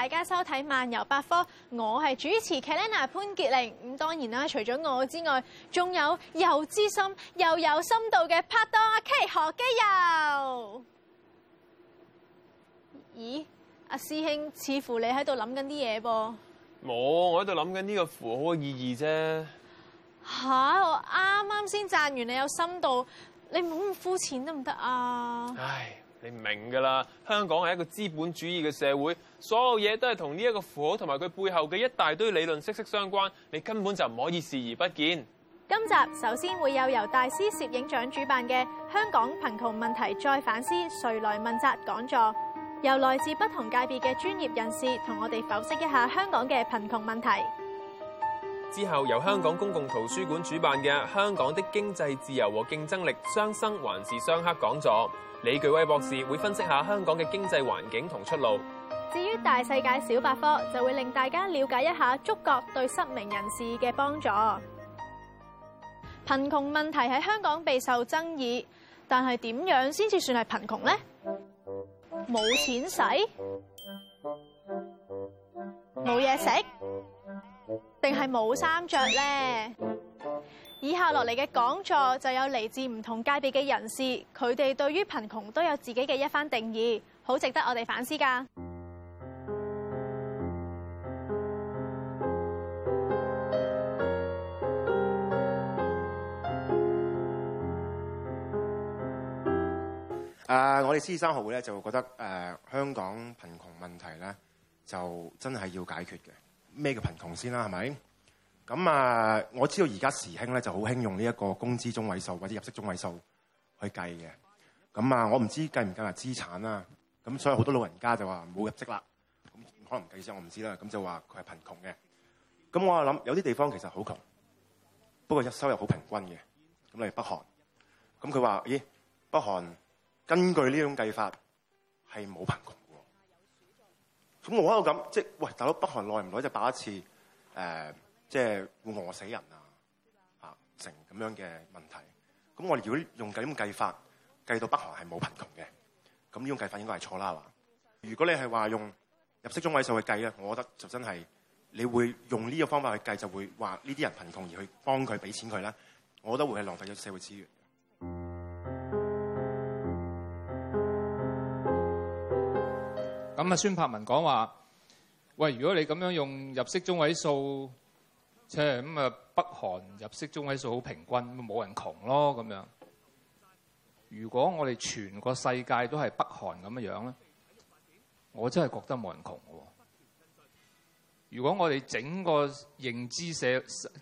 大家收睇漫遊百科，我係主持 Karena 潘潔玲。咁當然啦，除咗我之外，仲有又資深又有深度嘅拍檔阿 K 何基佑。咦，阿、啊、師兄，似乎你喺度諗緊啲嘢噃？冇，我喺度諗緊呢個符號嘅意義啫。吓、啊，我啱啱先讚完你有深度，你唔好咁膚淺得唔得啊？唉。你唔明噶啦，香港係一個資本主義嘅社會，所有嘢都係同呢一個符號同埋佢背後嘅一大堆理論息息相關。你根本就唔可以視而不見。今集首先會有由大師攝影獎主辦嘅《香港貧窮問題再反思》，誰來問責講座，由來自不同界別嘅專業人士同我哋剖析一下香港嘅貧窮問題。之後由香港公共圖書館主辦嘅《香港的經濟自由和競爭力相生還是相剋講座》。李鉅威博士會分析一下香港嘅經濟環境同出路。至於大世界小百科，就會令大家了解一下觸覺對失明人士嘅幫助。貧窮問題喺香港備受爭議，但係點樣先至算係貧窮呢？冇錢使，冇嘢食，定係冇衫著呢？以下落嚟嘅講座就有嚟自唔同界別嘅人士，佢哋對於貧窮都有自己嘅一番定義，好值得我哋反思噶。誒、呃，我哋獅子山學會咧就覺得誒、呃、香港貧窮問題咧就真係要解決嘅。咩叫貧窮先啦、啊？係咪？咁啊，我知道而家時興咧，就好興用呢一個工資中位數或者入息中位數去計嘅。咁啊，我唔知計唔計埋資產啦。咁所以好多老人家就話冇入職啦，咁可能計唔計我唔知啦。咁就話佢係貧窮嘅。咁我啊諗有啲地方其實好窮，不過一收入好平均嘅。咁例如北韓，咁佢話：咦，北韓根據呢種計法係冇貧窮嘅。咁我喺度咁，即係喂大佬，北韓耐唔耐就打一次誒？呃即係會餓死人啊！嚇成咁樣嘅問題咁，我哋如果用咁樣計法計到北韓係冇貧窮嘅，咁呢種計法應該係錯啦。係嘛？如果你係話用入息中位數去計咧，我覺得就真係你會用呢個方法去計，就會話呢啲人貧窮而去幫佢俾錢佢咧，我覺得會係浪費咗社會資源。咁啊，孫柏文講話，喂，如果你咁樣用入息中位數。即係咁啊！北韓入息中位數好平均，冇人窮咯咁樣。如果我哋全個世界都係北韓咁樣樣咧，我真係覺得冇人窮嘅。如果我哋整個認知社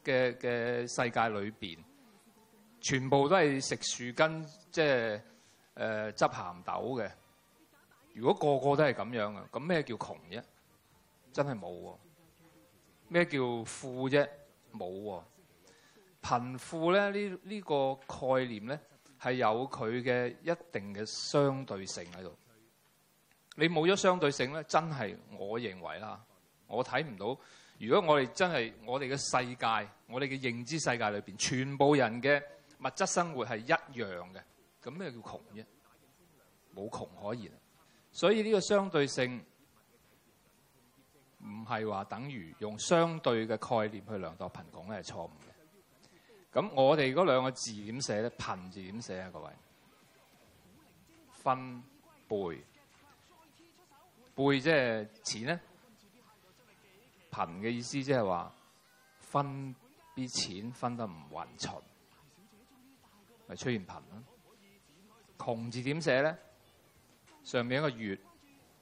嘅嘅世界裏邊，全部都係食樹根，即係誒執鹹豆嘅。如果個個都係咁樣嘅，咁咩叫窮啫？真係冇喎。咩叫富啫？冇喎、啊，貧富咧，呢呢、呢個概念咧係有佢嘅一定嘅相對性喺度。你冇咗相對性咧，真係我認為啦，我睇唔到。如果我哋真係我哋嘅世界，我哋嘅認知世界裏面，全部人嘅物質生活係一樣嘅，咁咩叫窮啫？冇窮可言。所以呢個相對性。唔係話等於用相對嘅概念去量度貧窮咧，係錯誤嘅。咁我哋嗰兩個字點寫咧？貧字點寫啊？各位，分、貝，貝即係錢咧。貧嘅意思即係話分啲錢分得唔均勻，咪出現貧啦。窮字點寫咧？上面一個月，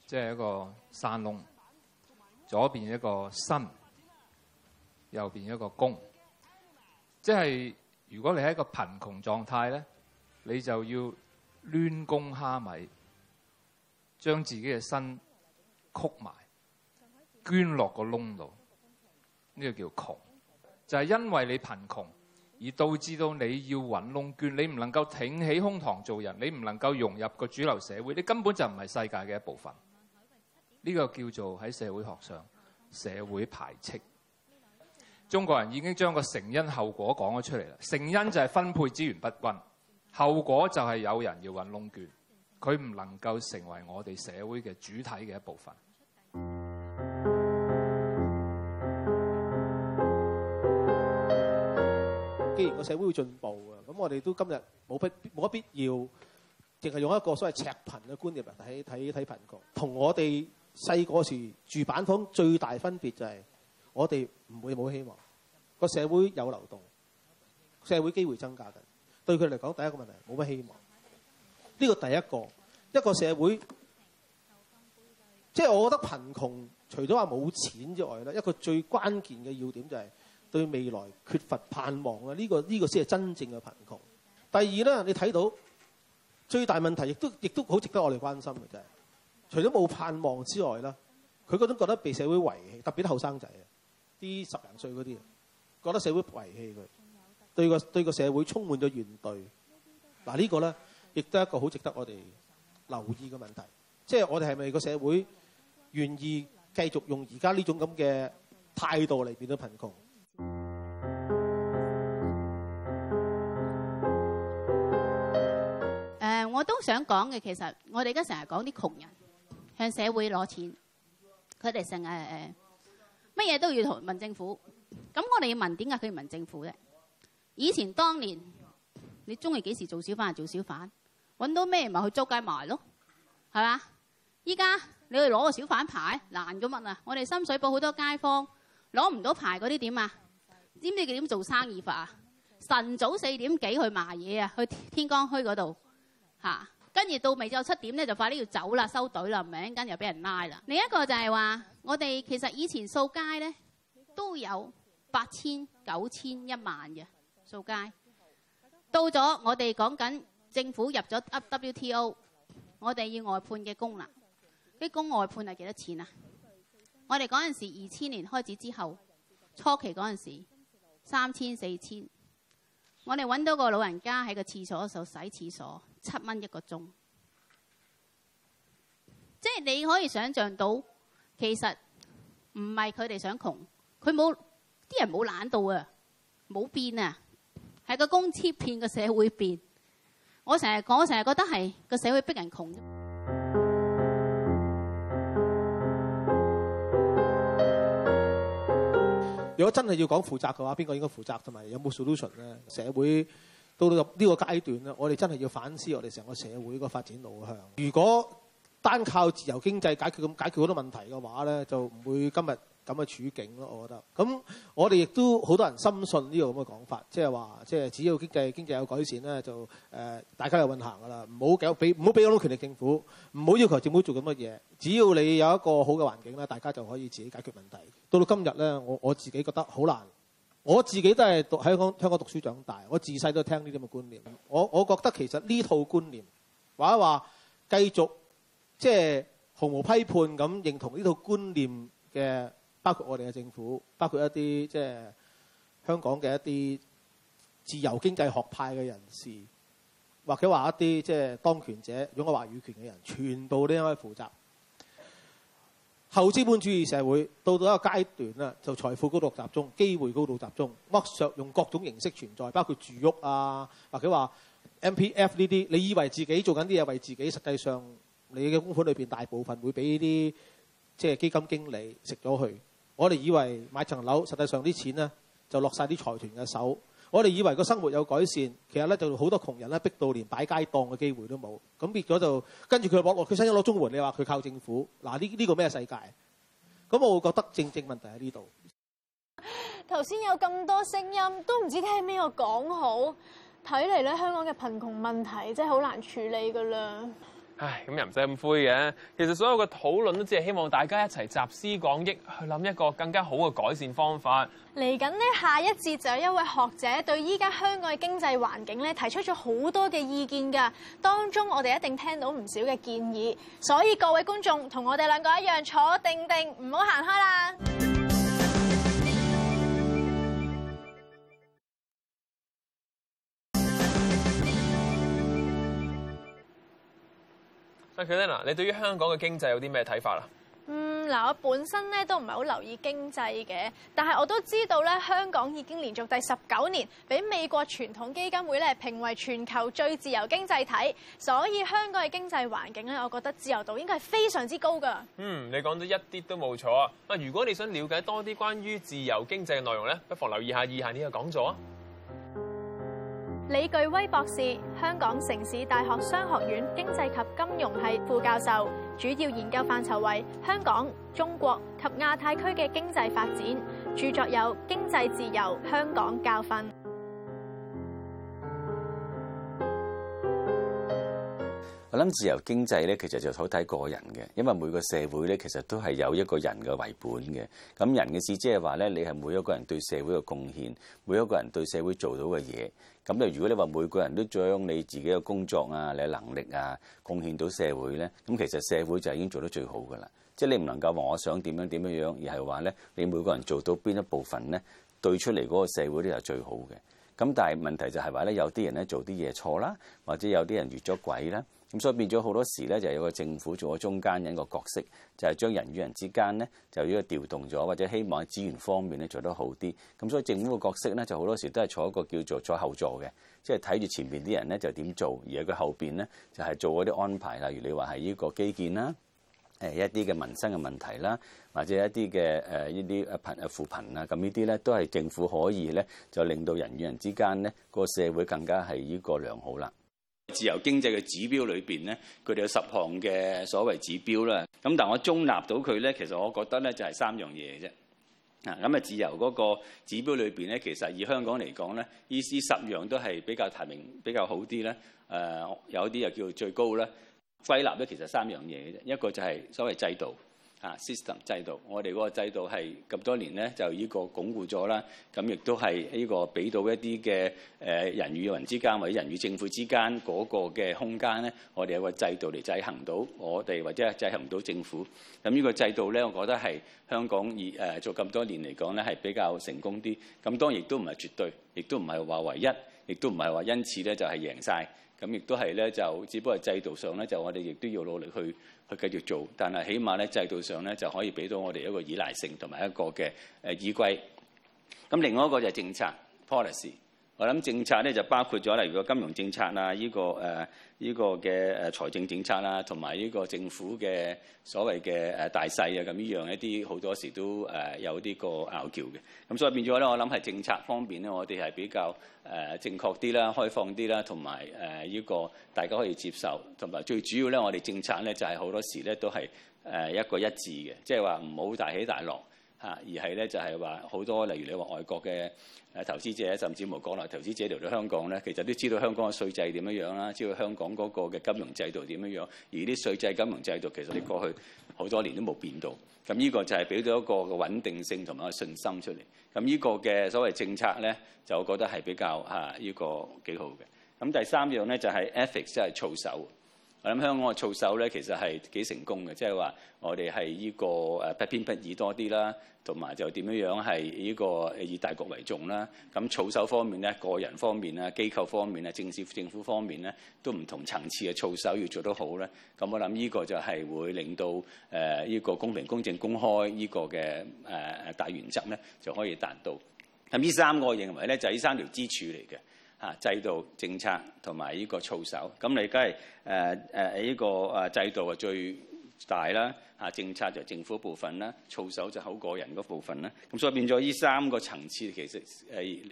即係一個山窿。左邊一個身，右邊一個弓，即係如果你喺一個貧窮狀態咧，你就要攣弓蝦米，將自己嘅身曲埋，捐落個窿度，呢個叫窮。就係因為你貧窮，而導致到你要揾窿捐，你唔能夠挺起胸膛做人，你唔能夠融入個主流社會，你根本就唔係世界嘅一部分。呢、這個叫做喺社會學上社會排斥。中國人已經將個成因後果講咗出嚟啦。成因就係分配資源不均，後果就係有人要搵窿劵，佢唔能夠成為我哋社會嘅主體嘅一部分。既然個社會會進步啊，咁我哋都今日冇必冇乜必要淨係用一個所謂赤貧嘅觀念嚟睇睇睇貧窮，同我哋。細個時住板房，最大分別就係我哋唔會冇希望，個社會有流動，社會機會增加嘅。對佢嚟講，第一個問題冇乜希望。呢個第一個一個社會，即係我覺得貧窮除咗話冇錢之外咧，一個最關鍵嘅要點就係對未來缺乏盼望啊！呢個呢個先係真正嘅貧窮。第二咧，你睇到最大問題亦都亦都好值得我哋關心嘅，真除咗冇盼望之外啦，佢都覺得被社會遺棄，特別後生仔啊，啲十零歲嗰啲啊，覺得社會遺棄佢，對個對個社會充滿咗怨懟。嗱，呢個咧，亦都係一個好值得我哋留意嘅問題，即係我哋係咪個社會願意繼續用而家呢種咁嘅態度嚟變咗貧窮？誒、呃，我都想講嘅其實，我哋而家成日講啲窮人。向社會攞錢，佢哋成日誒，乜、呃、嘢都要同問政府。咁我哋要問，點解佢問政府咧？以前當年，你中意幾時做小販就做小販，揾到咩咪去租街賣咯，係嘛？依家你去攞個小販牌難咗乜啊？我哋深水埗好多街坊攞唔到牌嗰啲點啊？知唔知佢點做生意法啊？晨早四點幾去賣嘢啊？去天光墟嗰度嚇。跟住到未就七點咧，就快啲要走啦，收隊啦，唔係一陣間又俾人拉啦。另一個就係話、嗯，我哋其實以前掃街咧都有八千、九千、一萬嘅掃街。嗯、到咗我哋講緊政府入咗 WTO，我哋要外判嘅功能。啲工外判係幾多錢啊？我哋嗰陣時二千年開始之後初期嗰陣時三千四千。3, 000, 4, 000，我哋揾到個老人家喺個廁所度洗廁所。七蚊一個鐘，即係你可以想象到，其實唔係佢哋想窮，佢冇啲人冇懶到啊，冇變啊，係個工資變，個社會變。我成日講，我成日覺得係個社會逼人窮。如果真係要講負責嘅話，邊個應該負責同埋有冇 solution 咧？社會？到到呢個階段咧，我哋真係要反思我哋成個社會個發展路向。如果單靠自由經濟解決咁解決好多問題嘅話咧，就唔會今日咁嘅處境咯。我覺得咁，我哋亦都好多人深信呢個咁嘅講法，即係話，即係只要經濟經濟有改善咧，就誒、呃、大家有運行噶啦，唔好畀唔好畀咁多權力政府，唔好要求政府做咁乜嘢，只要你有一個好嘅環境咧，大家就可以自己解決問題。到到今日咧，我我自己覺得好難。我自己都係讀喺香港讀書長大，我自細都聽呢啲咁嘅觀念。我我覺得其實呢套觀念，或者話繼續即係、就是、毫無批判咁認同呢套觀念嘅，包括我哋嘅政府，包括一啲即係香港嘅一啲自由經濟學派嘅人士，或者話一啲即係當權者擁有話語權嘅人，全部都應該負責。後資本主義社會到到一個階段就財富高度集中，機會高度集中，剝削用各種形式存在，包括住屋啊，或者話 MPF 呢啲，你以為自己做緊啲嘢為自己，實際上你嘅公款裏邊大部分會俾啲即係基金經理食咗去。我哋以為買層樓，實際上啲錢呢，就落晒啲財團嘅手。我哋以為個生活有改善，其實咧就好多窮人咧逼到連擺街檔嘅機會都冇，咁變咗就跟住佢落落，佢想攞綜援，你話佢靠政府，嗱呢呢個咩世界？咁我會覺得正正問題喺呢度。頭先有咁多聲音，都唔知聽邊個講好。睇嚟咧，香港嘅貧窮問題真係好難處理㗎喇。唉，咁又唔使咁灰嘅。其實所有嘅討論都只係希望大家一齊集思廣益，去諗一個更加好嘅改善方法。嚟緊呢下一節就有一位學者對依家香港嘅經濟環境咧提出咗好多嘅意見㗎。當中我哋一定聽到唔少嘅建議，所以各位觀眾同我哋兩個一樣坐定定，唔好行開啦。Keren，你對於香港嘅經濟有啲咩睇法啊？嗯，嗱，我本身咧都唔係好留意經濟嘅，但係我都知道咧，香港已經連續第十九年俾美國傳統基金會咧評為全球最自由經濟體，所以香港嘅經濟環境咧，我覺得自由度應該係非常之高㗎。嗯，你講得一啲都冇錯啊！啊，如果你想了解多啲關於自由經濟嘅內容咧，不妨留意下以下呢個講座啊！李鉅威博士，香港城市大學商學院經濟及金融系副教授，主要研究範疇為香港、中國及亞太區嘅經濟發展。著作有《經濟自由》《香港教訓》。我諗自由經濟咧，其實就好睇個人嘅，因為每個社會咧，其實都係有一個人嘅為本嘅。咁人嘅事，即係話咧，你係每一個人對社會嘅貢獻，每一個人對社會做到嘅嘢。咁咧，如果你話每個人都將你自己嘅工作啊、你嘅能力啊，貢獻到社會咧，咁其實社會就已經做得最好噶啦。即係你唔能夠話我想點樣點樣樣，而係話咧，你每個人做到邊一部分咧，對出嚟嗰個社會咧就最好嘅。咁但係問題就係話咧，有啲人咧做啲嘢錯啦，或者有啲人越咗軌啦。咁所以變咗好多時咧，就係有個政府做咗中間人一個角色，就係將人與人之間咧，就呢個調動咗，或者希望喺資源方面咧做得好啲。咁所以政府個角色咧，就好多時都係坐一個叫做坐後座嘅，即係睇住前面啲人咧就點做，而喺佢後邊咧就係做嗰啲安排，例如你話係呢個基建啦，誒一啲嘅民生嘅問題啦，或者一啲嘅誒呢啲啊貧啊扶貧啊，咁呢啲咧都係政府可以咧，就令到人與人之間咧個社會更加係呢個良好啦。自由經濟嘅指標裏邊咧，佢哋有十項嘅所謂指標啦。咁但係我中立到佢咧，其實我覺得咧就係三樣嘢啫。啊，咁啊自由嗰個指標裏邊咧，其實以香港嚟講咧，呢啲十樣都係比較排名比較好啲咧。誒，有一啲又叫做最高啦，歸納咧其實是三樣嘢嘅啫，一個就係所謂制度。啊，system 制度，我哋嗰個制度係咁多年咧，就呢個鞏固咗啦。咁亦都係呢個俾到一啲嘅誒人與人之間或者人與政府之間嗰個嘅空間咧，我哋有個制度嚟制衡到我哋或者係制衡唔到政府。咁呢個制度咧，我覺得係香港以誒、呃、做咁多年嚟講咧，係比較成功啲。咁當然亦都唔係絕對，亦都唔係話唯一，亦都唔係話因此咧就係、是、贏晒。咁亦都係咧，就只不過制度上咧，就我哋亦都要努力去去繼續做，但係起碼咧制度上咧就可以俾到我哋一個依賴性同埋一個嘅誒依歸，咁、呃、另外一個就係政策 policy。我諗政策咧就包括咗，例如個金融政策啊，呢、依個誒依、呃依個嘅誒財政政策啦，同埋呢個政府嘅所謂嘅誒大細啊，咁依樣一啲好多時都誒、呃、有啲個拗撬嘅，咁所以變咗咧，我諗係政策方面咧，我哋係比較誒、呃、正確啲啦、開放啲啦，同埋誒依個大家可以接受，同埋最主要咧，我哋政策咧就係、是、好多時咧都係誒一個一致嘅，即係話唔好大起大落。嚇，而係咧就係話好多，例如你話外國嘅誒投資者，甚至冇國內投資者嚟到香港咧，其實都知道香港嘅稅制點樣樣啦，知道香港嗰個嘅金融制度點樣樣。而啲稅制、金融制度其實你過去好多年都冇變到，咁呢個就係俾咗一個嘅穩定性同埋個信心出嚟。咁呢個嘅所謂政策咧，就我覺得係比較嚇依、啊呢個幾好嘅。咁第三樣咧就係、是、ethics，即係操守。我諗香港嘅操守咧，其實係幾成功嘅，即係話我哋係呢個誒不偏不倚多啲啦，同埋就點樣樣係呢個以大局為重啦。咁操守方面咧，個人方面啊，機構方面啊，政事政府方面咧，都唔同層次嘅操守要做得好咧。咁我諗呢個就係會令到誒呢、呃這個公平、公正、公開呢個嘅誒誒大原則咧，就可以達到。咁呢三個我認為咧，就係呢三條支柱嚟嘅。嚇制度、政策同埋呢個操守，咁你梗係誒誒喺呢個制度啊最大啦，嚇政策就政府部分啦，操守就好個人嗰部分啦，咁所以變咗呢三個層次，其實誒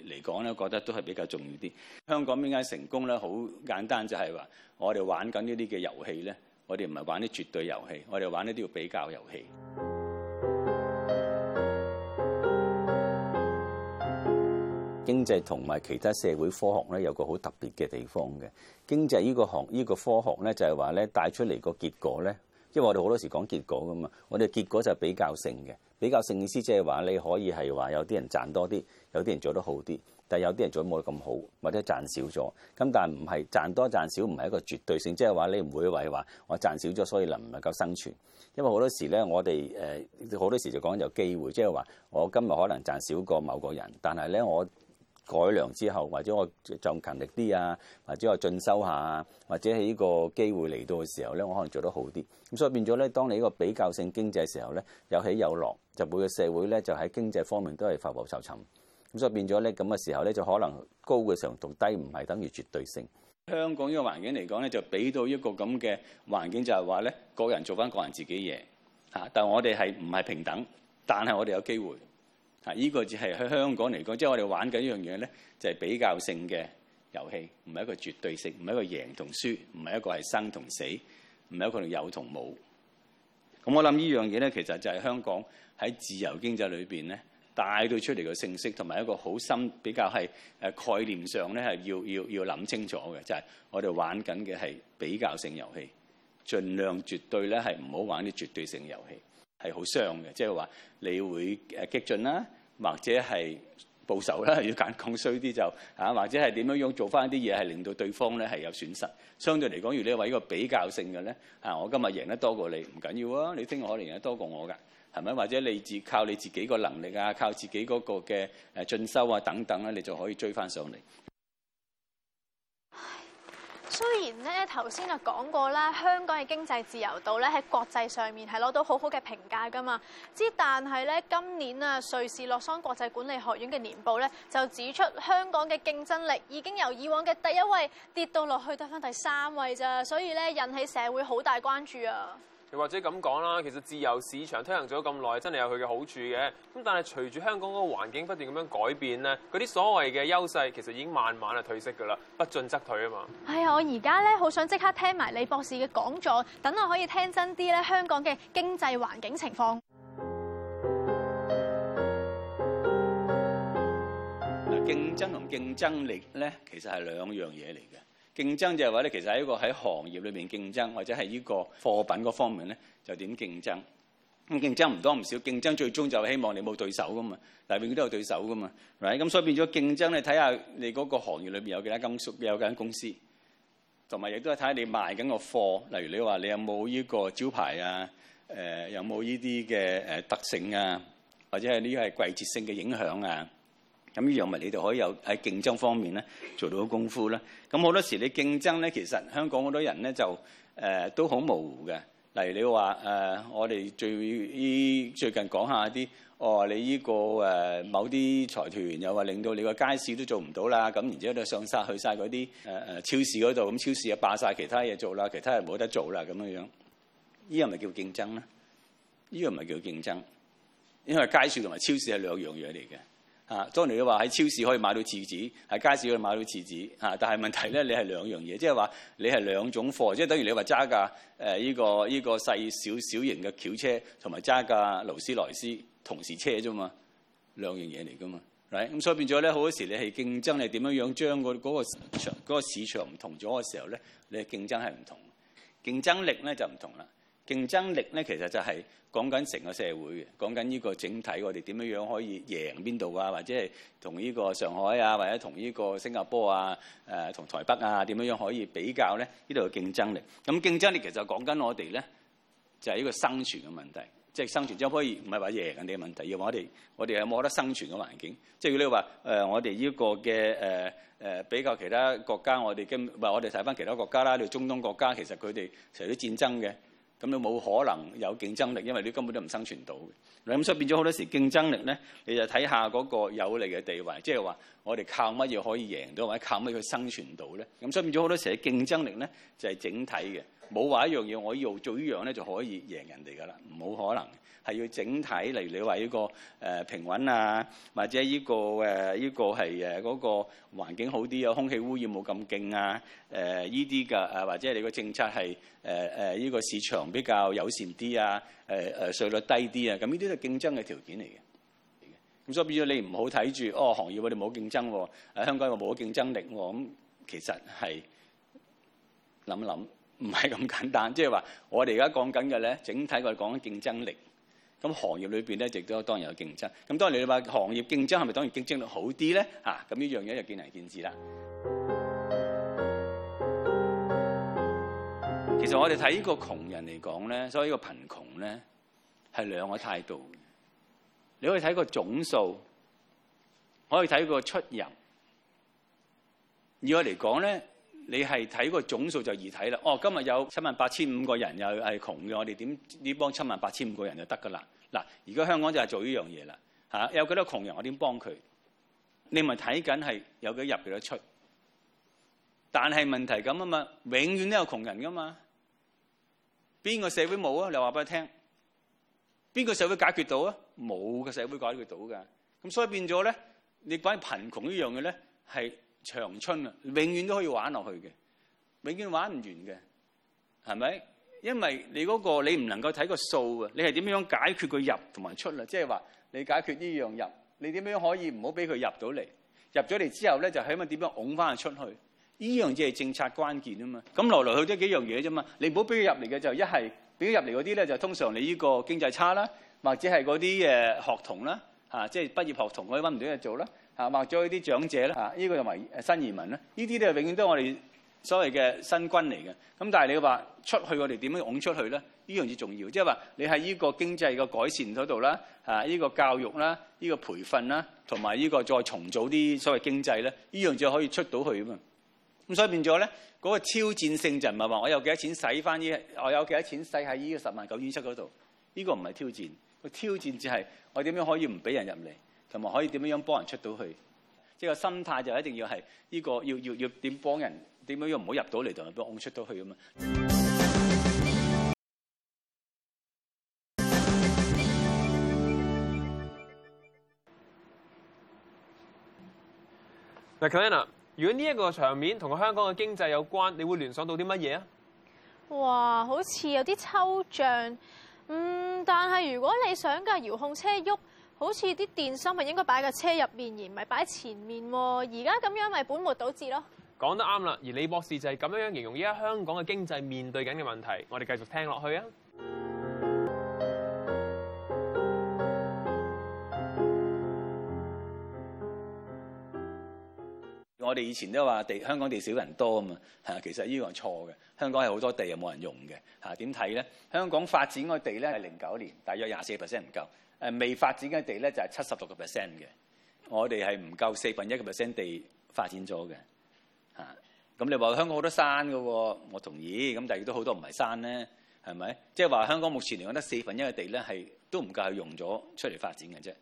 嚟講咧，覺得都係比較重要啲。香港點解成功咧？好簡單，就係話我哋玩緊呢啲嘅遊戲咧，我哋唔係玩啲絕對遊戲，我哋玩呢啲要比較遊戲。經濟同埋其他社會科學咧，有個好特別嘅地方嘅經濟呢個行呢個科學咧，就係話咧帶出嚟個結果咧，因為我哋好多時講結果噶嘛，我哋結果就係比較性嘅，比較性意思即係話你可以係話有啲人賺多啲，有啲人做得好啲，但係有啲人做得冇咁好，或者賺少咗。咁但係唔係賺多賺少唔係一個絕對性，即係話你唔會話話我賺少咗所以能唔能夠生存？因為好多時咧我哋誒好多時就講有機會，即係話我今日可能賺少過某個人，但係咧我。改良之後，或者我仲勤力啲啊，或者我進修下啊，或者喺呢個機會嚟到嘅時候咧，我可能做得好啲。咁所以變咗咧，當你呢個比較性經濟嘅時候咧，有起有落，就每個社會咧就喺經濟方面都係浮浮沉沉。咁所以變咗咧，咁嘅時候咧，就可能高嘅時候同低唔係等於絕對性。香港呢個環境嚟講咧，就俾到一個咁嘅環境，就係話咧，個人做返個人自己嘢吓，但係我哋係唔係平等？但係我哋有機會。啊！依個就係喺香港嚟講，即係我哋玩緊一樣嘢咧，就係比較性嘅遊戲，唔係一個絕對性，唔係一個贏同輸，唔係一個係生同死，唔係一個有同冇。咁我諗呢樣嘢咧，其實就係香港喺自由經濟裏邊咧帶到出嚟嘅信息，同埋一個好深比較係誒概念上咧係要要要諗清楚嘅，就係我哋玩緊嘅係比較性遊戲，儘量絕對咧係唔好玩啲絕對性遊戲。係好傷嘅，即係話你會誒激進啦，或者係報仇啦，要揀講衰啲就啊，或者係點樣樣做翻啲嘢，係令到對方咧係有損失。相對嚟講，如果你話一個比較性嘅咧，啊，我今日贏得多過你唔緊要啊，你聽日可能贏得多過我噶，係咪？或者你自靠你自己個能力啊，靠自己嗰個嘅誒進修啊等等咧，你就可以追翻上嚟。雖然咧頭先啊講過啦，香港嘅經濟自由度咧喺國際上面係攞到好好嘅評價㗎嘛，之但係咧今年啊，瑞士洛桑國際管理學院嘅年報咧就指出，香港嘅競爭力已經由以往嘅第一位跌到落去得返第三位咋，所以咧引起社會好大關注啊！又或者咁講啦，其實自由市場推行咗咁耐，真係有佢嘅好處嘅。咁但係隨住香港個環境不斷咁樣改變咧，嗰啲所謂嘅優勢其實已經慢慢啊退色噶啦，不進則退啊嘛。係、哎、啊，我而家咧好想即刻聽埋李博士嘅講座，等我可以聽真啲咧香港嘅經濟環境情況。嗱，競爭同競爭力咧，其實係兩樣嘢嚟嘅。競爭就係話咧，其實係一個喺行業裏邊競爭，或者係呢個貨品嗰方面咧，就點競爭？咁競爭唔多唔少，競爭最終就希望你冇對手噶嘛，但係永遠都有對手噶嘛 r、right？咁所以變咗競爭咧，睇下你嗰個行業裏邊有幾多金屬有間公司，同埋亦都係睇下你賣緊個貨，例如你話你有冇呢個招牌啊？誒、呃，有冇呢啲嘅誒特性啊？或者係呢個係季節性嘅影響啊？咁呢樣咪你哋可以有喺競爭方面咧做到功夫啦。咁好多時你競爭咧，其實香港好多人咧就誒、呃、都好模糊嘅。例如你話誒、呃，我哋最依最近講下啲，哦你呢、呢個誒、呃、某啲財團又話令到你個街市都做唔到啦。咁然之後就上曬去晒嗰啲誒誒超市嗰度，咁超市又霸晒其他嘢做啦，其他人冇得做啦咁樣樣。呢樣咪叫競爭咩？呢樣唔係叫競爭，因為街市同埋超市係兩樣嘢嚟嘅。啊，當年你話喺超市可以買到廁紙，喺街市可以買到廁紙，嚇、啊！但係問題咧，你係兩樣嘢，即係話你係兩種貨，即係等於你話揸架誒依個依、這個細小，小小型嘅轎車，車，同埋揸架勞斯萊斯同時車啫嘛，兩樣嘢嚟噶嘛，係、啊、咁所以變咗咧，好多時你係競爭，你係點樣樣將嗰個市場唔、那個、同咗嘅時候咧，你嘅競爭係唔同，競爭力咧就唔同啦。競爭力咧，其實就係講緊成個社會嘅，講緊呢個整體。我哋點樣樣可以贏邊度啊？或者係同呢個上海啊，或者同呢個新加坡啊，誒、呃、同台北啊，點樣樣可以比較咧？呢度嘅競爭力。咁競爭力其實講緊我哋咧，就係、是、呢個生存嘅問題，即係生存。就可以唔係話贏人哋嘅問題，要我哋我哋有冇得生存嘅環境。即係如果你話誒、呃，我哋呢個嘅誒誒比較其他國家，我哋今唔係我哋睇翻其他國家啦，例如、這個、中東國家，其實佢哋成日都戰爭嘅。咁你冇可能有競爭力，因為你根本都唔生存到嘅。咁所以變咗好多時競爭力咧，你就睇下嗰個有利嘅地位，即係話我哋靠乜嘢可以贏到，或者靠乜嘢去生存到咧？咁所以變咗好多時嘅競爭力咧，就係整體嘅。冇話一樣嘢，我要做呢樣咧就可以贏人哋噶啦，冇可能。係要整體，嚟、這個。你話呢個誒平穩啊，或者呢、這個誒呢、呃這個係誒嗰個環、呃、境好啲啊，空氣污染冇咁勁啊，誒呢啲嘅啊，或者你個政策係誒誒呢個市場比較友善啲啊，誒誒稅率低啲啊，咁呢啲都係競爭嘅條件嚟嘅。咁所以變咗你唔好睇住哦，行業我哋冇競爭喎、啊啊，香港又冇競爭力喎、啊。咁、嗯、其實係諗一諗。唔係咁簡單，即係話我哋而家講緊嘅咧，整體我哋講緊競爭力。咁行業裏邊咧，亦都當然有競爭。咁當然你話行業競爭係咪當然競爭力好啲咧？吓、啊，咁呢樣嘢就見仁見智啦。其實我哋睇呢個窮人嚟講咧，所以呢個貧窮咧係兩個態度。你可以睇個總數，可以睇個出入。以我嚟講咧。你係睇個總數就易睇啦。哦，今日有七萬八千五個人又係窮嘅，我哋點呢幫七萬八千五個人就得㗎啦。嗱，而家香港就係做呢樣嘢啦。嚇，有幾多窮人，我點幫佢？你咪睇緊係有幾多入幾多出。但係問題咁啊嘛，永遠都有窮人㗎嘛。邊個社會冇啊？你話俾佢聽，邊個社會解決到啊？冇個社會解決到㗎。咁所以變咗咧，你關於貧窮呢樣嘢咧係。長春啊，永遠都可以玩落去嘅，永遠玩唔完嘅，係咪？因為你嗰、嗰個你唔能夠睇個數啊，你係點樣解決佢入同埋出啊？即係話你解決呢樣入，你點樣可以唔好俾佢入到嚟？入咗嚟之後咧，就起碼啊點樣㧬翻佢出去？呢樣嘢係政策關鍵啊嘛。咁來來去都幾樣嘢啫嘛。你唔好俾佢入嚟嘅就一係俾佢入嚟嗰啲咧，就通常你呢個經濟差啦，或者係嗰啲誒學童啦，嚇、啊、即係畢業學童嗰以揾唔到嘢做啦。或者咗啲長者咧，嚇，呢個又為新移民咧，呢啲咧永遠都係我哋所謂嘅新軍嚟嘅。咁但係你話出去，我哋點樣擁出去咧？呢樣嘢重要，即係話你喺呢個經濟嘅改善嗰度啦，嚇，呢個教育啦，呢個培訓啦，同埋呢個再重組啲所謂經濟咧，呢樣先可以出到去啊嘛。咁所以變咗咧，嗰個挑戰性就唔係話我有幾多錢使翻呢？我有幾多錢使喺呢個十萬九千七嗰度？呢個唔係挑戰，個挑戰只係我點樣可以唔俾人入嚟？同埋可以點樣樣幫人出到去，即係個心態就一定要係呢個，要要要點幫人點樣樣唔好入到嚟，同人幫我出到去咁嘛。嗱，Kelenna，如果呢一個場面同香港嘅經濟有關，你會聯想到啲乜嘢啊？哇，好似有啲抽象，嗯，但係如果你想架遙控車喐。好似啲電芯咪應該擺架車入面，而唔係擺喺前面喎。而家咁樣咪本末倒置咯。講得啱啦。而李博士就係咁樣樣形容依家香港嘅經濟面對緊嘅問題。我哋繼續聽落去啊！我哋以前都話地香港地少人多啊嘛嚇，其實依個係錯嘅。香港係好多地又冇人用嘅嚇。點睇咧？香港發展嗰地咧係零九年大約廿四 percent 唔夠。誒未發展嘅地咧就係七十六個 percent 嘅，我哋係唔夠四分一個 percent 地發展咗嘅。嚇、啊、咁你話香港好多山嘅喎。哦，我同意，咁但係亦都好多唔係山咧，係咪？即係話香港目前嚟講得四分一個地咧係都唔夠用咗出嚟發展嘅啫，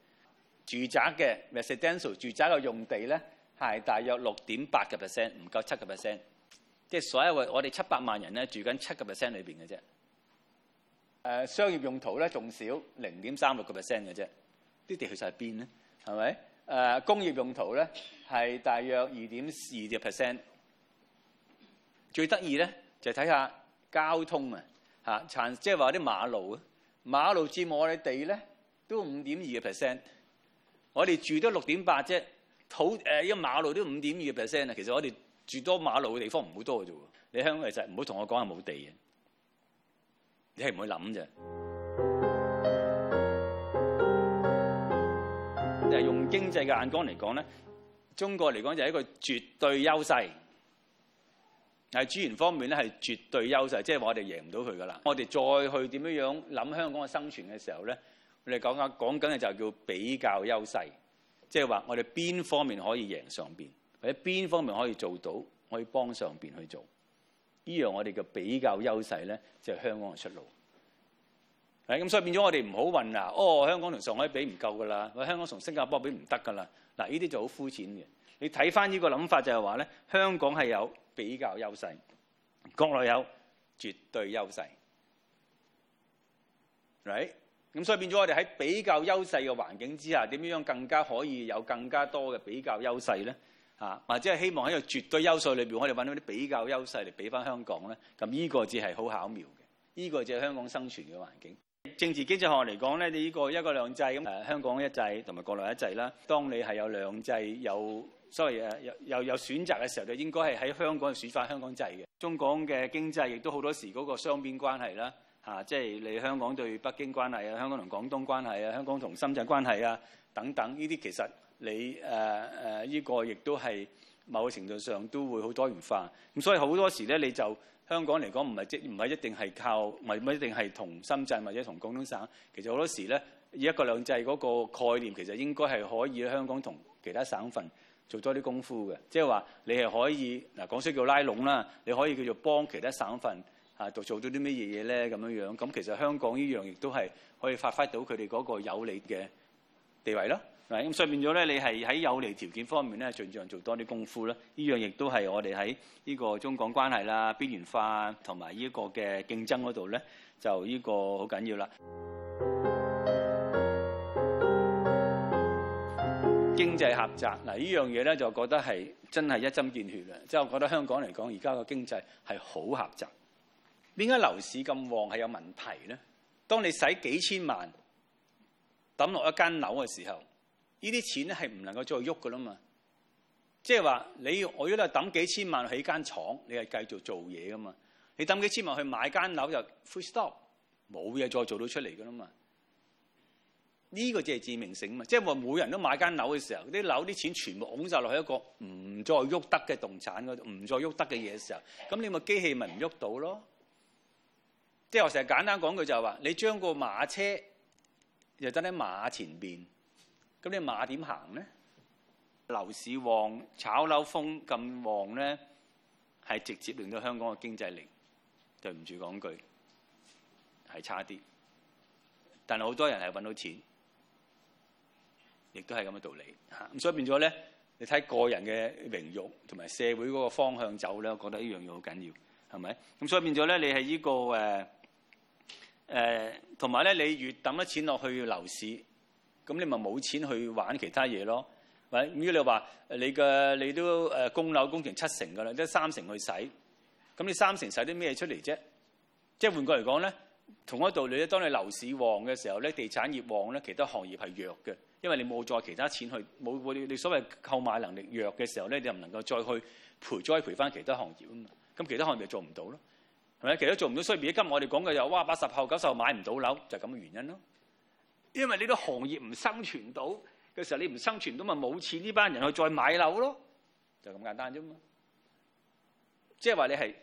住宅嘅 residential 住宅嘅用地咧係大約六點八個 percent，唔夠七個 percent，即係所有我哋七百萬人咧住緊七個 percent 裏邊嘅啫。誒、啊、商業用途咧仲少零點三六個 percent 嘅啫，啲地去曬邊咧？係咪？誒、啊、工業用途咧係大約二點四嘅 percent。最得意咧就係睇下交通啊嚇，殘即係話啲馬路啊，馬路佔我哋地咧都五點二嘅 percent。我哋住多六點八啫，土誒因為馬路都五點二嘅 percent 啊！其實我哋住多馬路嘅地方唔好多嘅啫喎，你香港其實唔好同我講係冇地嘅。你係唔會諗啫。誒，用經濟嘅眼光嚟講咧，中國嚟講就係一個絕對優勢，喺資源方面咧係絕對優勢，即係話我哋贏唔到佢噶啦。我哋再去點樣樣諗香港嘅生存嘅時候咧，我哋講緊講緊嘅就係叫比較優勢，即係話我哋邊方面可以贏上邊，或者邊方面可以做到可以幫上邊去做。呢樣我哋嘅比較優勢咧，就係香港嘅出路。誒，咁所以變咗我哋唔好混啦。哦，香港同上海比唔夠噶啦，香港同新加坡比唔得噶啦。嗱，呢啲就好膚淺嘅。你睇翻呢個諗法就係話咧，香港係有比較優勢，國內有絕對優勢。Right，咁所以變咗我哋喺比較優勢嘅環境之下，點樣更加可以有更加多嘅比較優勢咧？啊，或者係希望喺個絕對優勢裏邊，我哋搵到啲比較優勢嚟俾翻香港咧。咁呢個只係好巧妙嘅，呢、這個就係香港生存嘅環境。政治經濟學嚟講咧，你呢個一國兩制咁，誒、啊、香港一制同埋國內一制啦。當你係有兩制有所謂誒，又又有，有，有選擇嘅時候，就應該係喺香港係選翻香港制嘅。中港嘅經濟亦都好多時嗰個雙邊關係啦，吓、啊，即係你香港對北京關係啊，香港同廣東關係啊，香港同深圳關係啊等等，呢啲其實。你誒誒依個亦都係某個程度上都會好多元化，咁所以好多時咧，你就香港嚟講唔係即唔係一定係靠，唔係唔一定係同深圳或者同廣東省，其實好多時咧，以一國兩制嗰個概念，其實應該係可以喺香港同其他省份做多啲功夫嘅。即係話你係可以嗱，講衰叫拉攏啦，你可以叫做幫其他省份啊做做到啲咩嘢嘢咧咁樣樣，咁其實香港依樣亦都係可以發揮到佢哋嗰個有利嘅地位囉。咁說明咗咧，你係喺有利條件方面咧，盡量做多啲功夫啦。呢樣亦都係我哋喺呢個中港關係啦、邊緣化同埋呢個嘅競爭嗰度咧，就呢個好緊要啦。經濟狹窄嗱，這樣東西呢樣嘢咧就覺得係真係一針見血啦！即、就、係、是、我覺得香港嚟講，而家個經濟係好狹窄。點解樓市咁旺係有問題咧？當你使幾千萬抌落一間樓嘅時候。呢啲錢咧係唔能夠再喐噶啦嘛，就是說，即係話你我如果係揼幾千萬起間廠，你係繼續做嘢噶嘛？你揼幾千萬去買一間樓就 full stop，冇嘢再做到出嚟噶啦嘛。呢個就係致命性嘛，即係話每人都買一間樓嘅時候，啲樓啲錢全部拱曬落去一個唔再喐得嘅動產度，唔再喐得嘅嘢嘅時候，咁你咪機器咪唔喐到咯。即係我成日簡單講句就係話，你將個馬車就得喺馬前邊。咁你馬點行咧？樓市旺、炒樓風咁旺咧，係直接令到香港嘅經濟力，對唔住講句，係差啲。但係好多人係揾到錢，亦都係咁嘅道理嚇。咁所以變咗咧，你睇個人嘅榮辱同埋社會嗰個方向走咧，我覺得呢樣嘢好緊要，係咪？咁所以變咗咧，你係、這個呃呃、呢個同埋咧你越抌得錢落去樓市。咁你咪冇錢去玩其他嘢咯？係咪？如果你話你嘅你都誒供樓供完七成嘅啦，得三成去使，咁你三成使啲咩出嚟啫？即係換句嚟講咧，同一道理咧。當你樓市旺嘅時候咧，地產業旺咧，其他行業係弱嘅，因為你冇再其他錢去冇你你所謂購買能力弱嘅時候咧，你又唔能夠再去賠災賠翻其他行業啊嘛。咁其他行業做唔到咯，係咪？其實做唔到，所以而家今日我哋講嘅就係哇八十後九十後買唔到樓，就係咁嘅原因咯。因為呢啲行業唔生存到嘅時候，你唔生存到咪冇錢呢班人去再買樓咯，就咁簡單啫嘛。即係話你係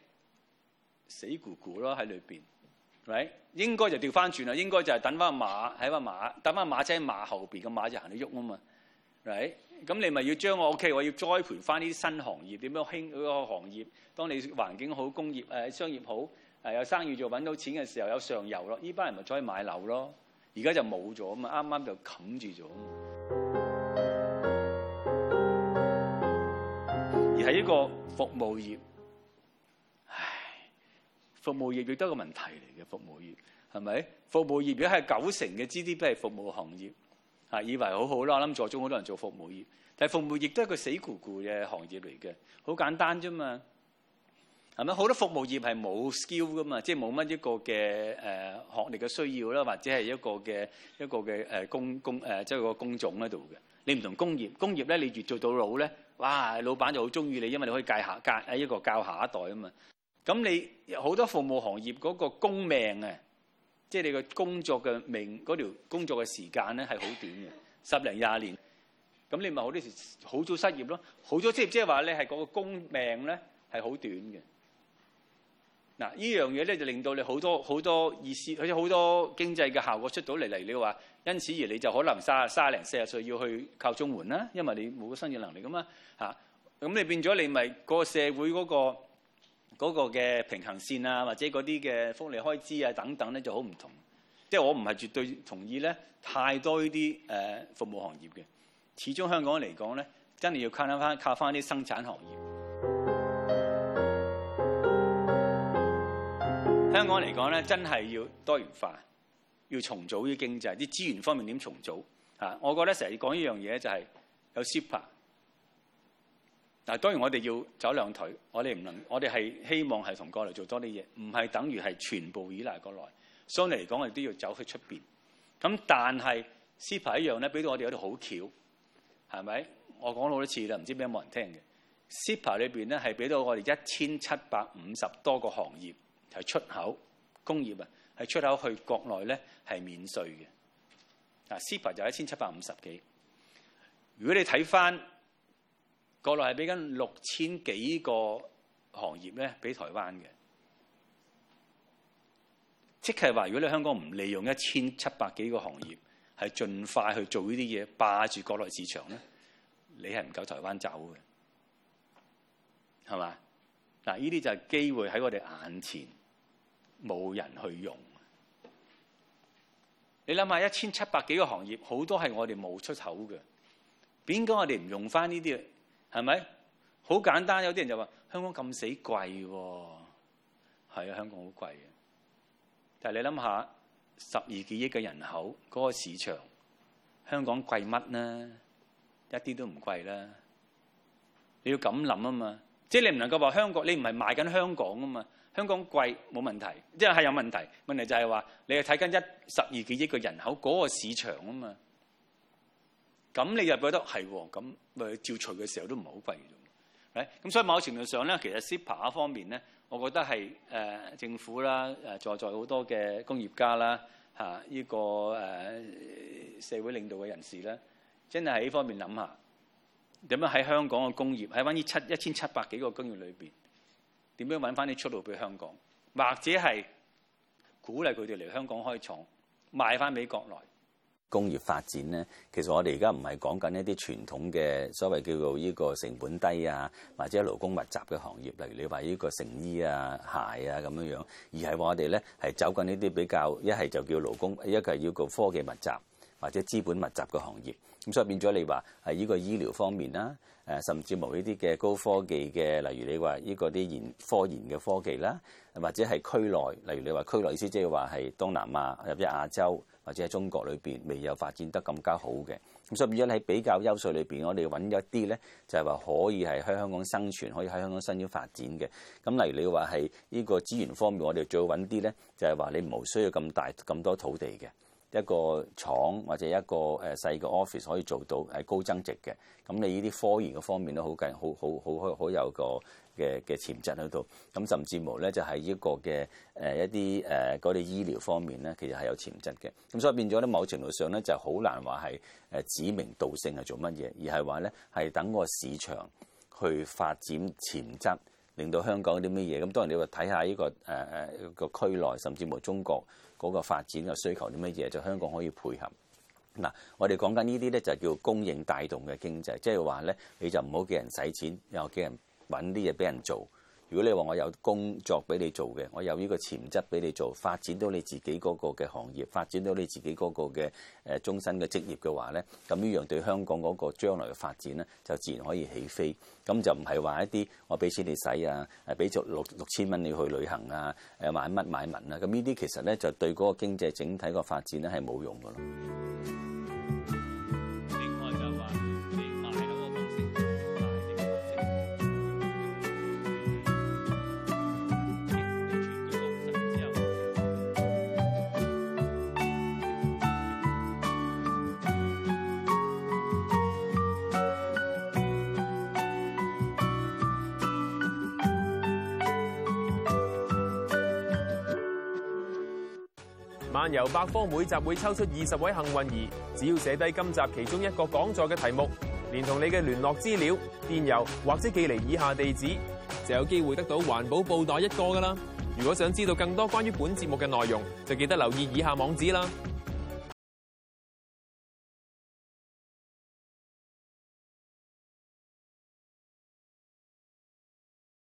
死咕咕咯喺裏邊，係咪？應該就調翻轉啦，應該就係等翻馬喺個馬等翻馬車馬後邊嘅馬就行得喐啊嘛，係咁你咪要將我 OK，我要栽培翻呢啲新行業點樣興嗰個行業。當你環境好、工業誒、商業好、誒有生意做、搵到錢嘅時候，有上游咯，呢班人咪再買樓咯。而家就冇咗嘛，啱啱就冚住咗。而係一個服務業，唉，服務業亦都係個問題嚟嘅。服務業係咪？服務業如果係九成嘅 GDP 係服務行業，吓，以為好好啦，諗座中好多人做服務業，但係服務業亦都係一個死咕咕嘅行業嚟嘅，好簡單啫嘛。係咪好多服務業係冇 skill 㗎嘛？即係冇乜一個嘅誒學歷嘅需要啦，或者係一個嘅一個嘅誒工工誒即係個工種喺度嘅。你唔同工業，工業咧你越做到老咧，哇！老闆就好中意你，因為你可以教下教一個教下一代啊嘛。咁你好多服務行業嗰個工命啊，即係你個工作嘅命嗰條工作嘅時間咧係好短嘅，十零廿年。咁你咪好多時好早失業咯，好早失業即係話你係嗰個工命咧係好短嘅。嗱，呢樣嘢咧就令到你好多好多意思，佢似好多經濟嘅效果出到嚟嚟。你話，因此而你就可能卅卅零四十歲要去靠綜援啦，因為你冇個生意能力噶嘛嚇。咁、啊、你變咗你咪、嗰個社會嗰、嗰個嘅、嗰個、平衡線啊，或者嗰啲嘅福利開支啊等等咧就好唔同。即係我唔係絕對同意咧太多呢啲誒服務行業嘅，始終香港嚟講咧真係要靠得翻靠翻啲生產行業。香港嚟講咧，真係要多元化，要重組啲經濟，啲資源方面點重組啊？我覺得成日講一樣嘢就係、是、有 CEPA。當然我哋要走兩腿，我哋唔能，我哋係希望係同國內做多啲嘢，唔係等於係全部倚賴國內。相對嚟講，我哋都要走去出邊。咁但係 CEPA 一樣咧，俾到我哋有啲好巧係咪？我講咗好多次啦，唔知咩冇人聽嘅 CEPA 裏邊咧，係俾到我哋一千七百五十多個行業。係出口工業啊，係出口去國內咧係免稅嘅。嗱，CEPA 就一千七百五十幾。如果你睇翻國內係俾緊六千幾個行業咧，俾台灣嘅，即係話如果你香港唔利用一千七百幾個行業，係盡快去做呢啲嘢霸住國內市場咧，你係唔夠台灣走嘅，係嘛？嗱，呢啲就係機會喺我哋眼前。冇人去用，你諗下一千七百幾個行業，好多係我哋冇出口嘅，點解我哋唔用翻呢啲啊？係咪？好簡單，有啲人就話香港咁死貴喎，係啊，香港好貴啊。但係你諗下，十二幾億嘅人口，嗰、嗰個市場，香港貴乜呢？一啲都唔貴啦。你要咁諗啊嘛，即係你唔能夠話香港，你唔係賣緊香港啊嘛。香港貴冇問題，即係係有問題。問題就係話你係睇緊一十二幾億嘅人口嗰、那個市場啊嘛，咁你又覺得係喎，咁咪照除嘅時候都唔係好貴嘅。咁所以某程度上咧，其實 SIPA 方面咧，我覺得係誒、呃、政府啦，誒、呃、在座好多嘅工業家啦，嚇、啊、依、這個誒、呃、社會領導嘅人士咧，真係喺呢方面諗下，點樣喺香港嘅工業喺翻呢七一千七百幾個工業裏邊？點樣揾翻啲出路俾香港，或者係鼓勵佢哋嚟香港開廠賣翻俾國內工業發展咧？其實我哋而家唔係講緊一啲傳統嘅所謂叫做呢個成本低啊，或者勞工密集嘅行業，例如你話呢個成衣啊、鞋啊咁樣樣，而係話我哋咧係走緊呢啲比較一係就叫勞工，一個係要個科技密集或者資本密集嘅行業。咁所以變咗你話係呢個醫療方面啦。誒甚至無呢啲嘅高科技嘅，例如你話呢個啲研科研嘅科技啦，或者係區內，例如你話區內意思即係話係東南亞入邊亞洲或者係中國裏邊未有發展得咁加好嘅。咁所以而家喺比較優勢裏邊我哋揾一啲咧，就係話可以係喺香港生存，可以喺香港新優發展嘅。咁例如你話係呢個資源方面，我哋最好揾啲咧，就係話你唔需要咁大咁多土地嘅。一個廠或者一個誒細個 office 可以做到係高增值嘅，咁你呢啲科研嘅方面都好緊，好好好，好有好有個嘅嘅潛質喺度。咁甚至乎咧就係呢個嘅誒一啲誒嗰啲醫療方面咧，其實係有潛質嘅。咁所以變咗咧，某程度上咧就好難話係誒指名道姓係做乜嘢，而係話咧係等個市場去發展潛質，令到香港啲乜嘢。咁當然你話睇下呢、這個誒誒、呃、個區內，甚至乎中國。嗰個發展嘅需求啲乜嘢，就香港可以配合嗱，我哋講緊呢啲呢，就叫供應帶動嘅經濟，即係話呢，你就唔好叫人使錢，然後叫人搵啲嘢俾人做。如果你話我有工作俾你做嘅，我有呢個潛質俾你做，發展到你自己嗰個嘅行業，發展到你自己嗰個嘅誒、呃、終身嘅職業嘅話咧，咁呢樣對香港嗰個將來嘅發展咧，就自然可以起飛。咁就唔係話一啲我俾錢你使啊，誒俾足六六千蚊你去旅行啊，誒、啊、買乜買物啦、啊。咁呢啲其實咧就對嗰個經濟整體個發展咧係冇用㗎咯。由百科每集會抽出二十位幸運兒，只要寫低今集其中一個講座嘅題目，連同你嘅聯絡資料、電郵或者寄嚟以下地址，就有機會得到環保布袋一個㗎喇。如果想知道更多關於本節目嘅內容，就記得留意以下網址啦。